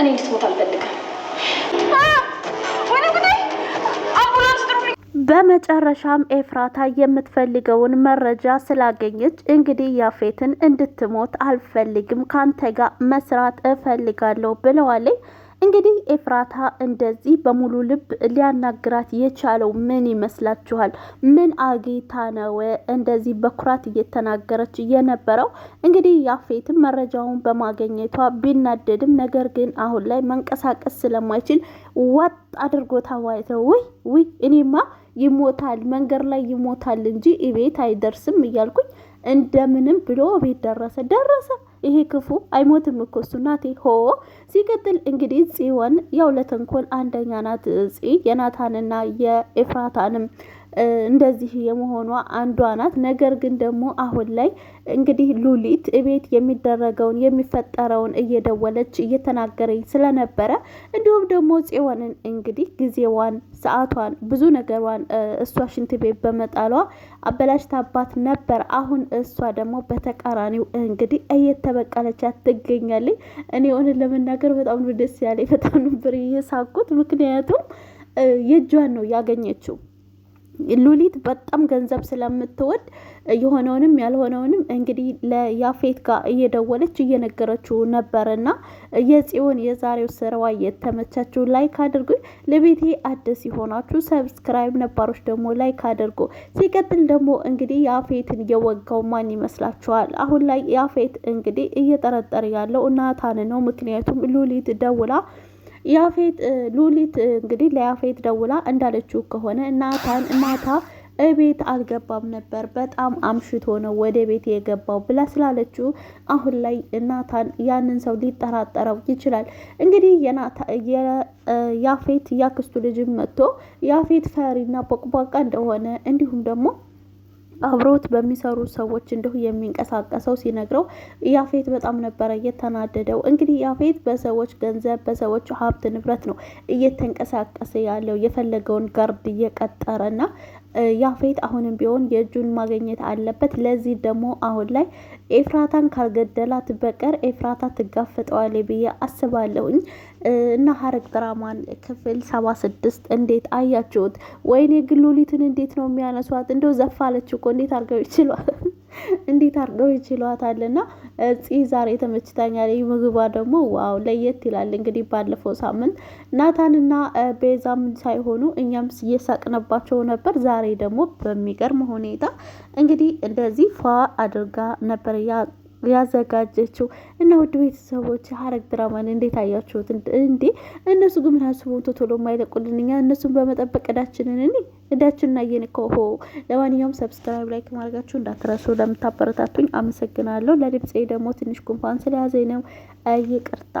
እኔ ልትሞት አልፈልግም። በመጨረሻም ኤፍራታ የምትፈልገውን መረጃ ስላገኘች እንግዲህ ያፌትን እንድትሞት አልፈልግም፣ ካንተ ጋር መስራት እፈልጋለሁ ብለዋለች። እንግዲህ ኤፍራታ እንደዚህ በሙሉ ልብ ሊያናግራት የቻለው ምን ይመስላችኋል? ምን አጌታ ነው እንደዚህ በኩራት እየተናገረች የነበረው? እንግዲህ ያፌትም መረጃውን በማገኘቷ ቢናደድም ነገር ግን አሁን ላይ መንቀሳቀስ ስለማይችል ወጥ አድርጎታል ማለት ነው። ውይ ውይ እኔማ ይሞታል መንገድ ላይ ይሞታል እንጂ እቤት አይደርስም እያልኩኝ እንደምንም ብሎ ቤት ደረሰ ደረሰ። ይሄ ክፉ አይሞትም እኮ እሱ ናቴ ሆ። ሲቀጥል እንግዲህ ጽዮን ያው ለተንኮል አንደኛ ናት። ጽ የናታንና የኤፍራታንም እንደዚህ የመሆኗ አንዷ ናት። ነገር ግን ደግሞ አሁን ላይ እንግዲህ ሉሊት እቤት የሚደረገውን የሚፈጠረውን እየደወለች እየተናገረኝ ስለነበረ እንዲሁም ደግሞ ጽዮንን እንግዲህ ጊዜዋን፣ ሰዓቷን፣ ብዙ ነገሯን እሷ ሽንት ቤት በመጣሏ አበላሽታባት ነበር። አሁን እሷ ደግሞ በተቃራኒው እንግዲህ እየተበቀለቻት ትገኛለች። እኔ ሆንን ለመናገር በጣም ደስ ያለኝ በጣም ነበር የሳኩት፣ ምክንያቱም የእጇን ነው ያገኘችው ሉሊት በጣም ገንዘብ ስለምትወድ የሆነውንም ያልሆነውንም እንግዲህ ለያፌት ጋር እየደወለች እየነገረችው ነበርና የጽዮን የዛሬው ስራዋ የተመቻችው ላይክ አድርጉ። ለቤቴ አዲስ የሆናችሁ ሰብስክራይብ፣ ነባሮች ደግሞ ላይክ አድርጉ። ሲቀጥል ደግሞ እንግዲህ ያፌትን የወጋው ማን ይመስላችኋል? አሁን ላይ ያፌት እንግዲህ እየጠረጠረ ያለው ናታን ነው። ምክንያቱም ሉሊት ደውላ ያፌት ሉሊት እንግዲህ ለያፌት ደውላ እንዳለችው ከሆነ ናታን ማታ እቤት አልገባም ነበር፣ በጣም አምሽቶ ነው ወደ ቤት የገባው ብላ ስላለችው አሁን ላይ ናታን ያንን ሰው ሊጠራጠረው ይችላል። እንግዲህ ያፌት ያክስቱ ልጅም መጥቶ ያፌት ፈሪና ቦቅቧቃ እንደሆነ እንዲሁም ደግሞ አብሮት በሚሰሩ ሰዎች እንዲሁ የሚንቀሳቀሰው ሲነግረው ያፌት በጣም ነበረ እየተናደደው። እንግዲህ ያፌት በሰዎች ገንዘብ በሰዎች ሀብት ንብረት ነው እየተንቀሳቀሰ ያለው የፈለገውን ጋርድ እየቀጠረ እና ያፌት አሁንም ቢሆን የእጁን ማግኘት አለበት። ለዚህ ደግሞ አሁን ላይ ኤፍራታን ካልገደላት በቀር ኤፍራታ ትጋፈጠዋል ብዬ አስባለሁኝ። እና ሀረግ ድራማን ክፍል ሰባ ስድስት እንዴት አያችሁት? ወይኔ ግሉሊትን እንዴት ነው የሚያነሷት? እንደው ዘፋለች እኮ እንዴት አድርገው ይችሏል? እንዴት አድርገው ይችሏታል። እና እፂ ዛሬ ተመችታኛል። ምግቧ ደግሞ ዋው ለየት ይላል። እንግዲህ ባለፈው ሳምንት ናታንና ቤዛም ሳይሆኑ እኛም እየሳቅነባቸው ነበር። ዛሬ ደግሞ በሚገርም ሁኔታ እንግዲህ እንደዚህ ፏ አድርጋ ነበር ያ ያዘጋጀችው እና ውድ ቤተሰቦች ሀረግ ድራማን እንዴት አያችሁት? እንዴ እነሱ ግን ምን አስቦ ቶሎ የማይለቁልን እኛ እነሱን በመጠበቅ እዳችንን እኔ እዳችሁና እየንከሆ ለማንኛውም ሰብስክራይብ ላይክ ማድረጋችሁ እንዳትረሱ። ለምታበረታቱኝ አመሰግናለሁ። ለድምፄ ደግሞ ትንሽ ጉንፋን ስለያዘኝ ነው ይቅርታ።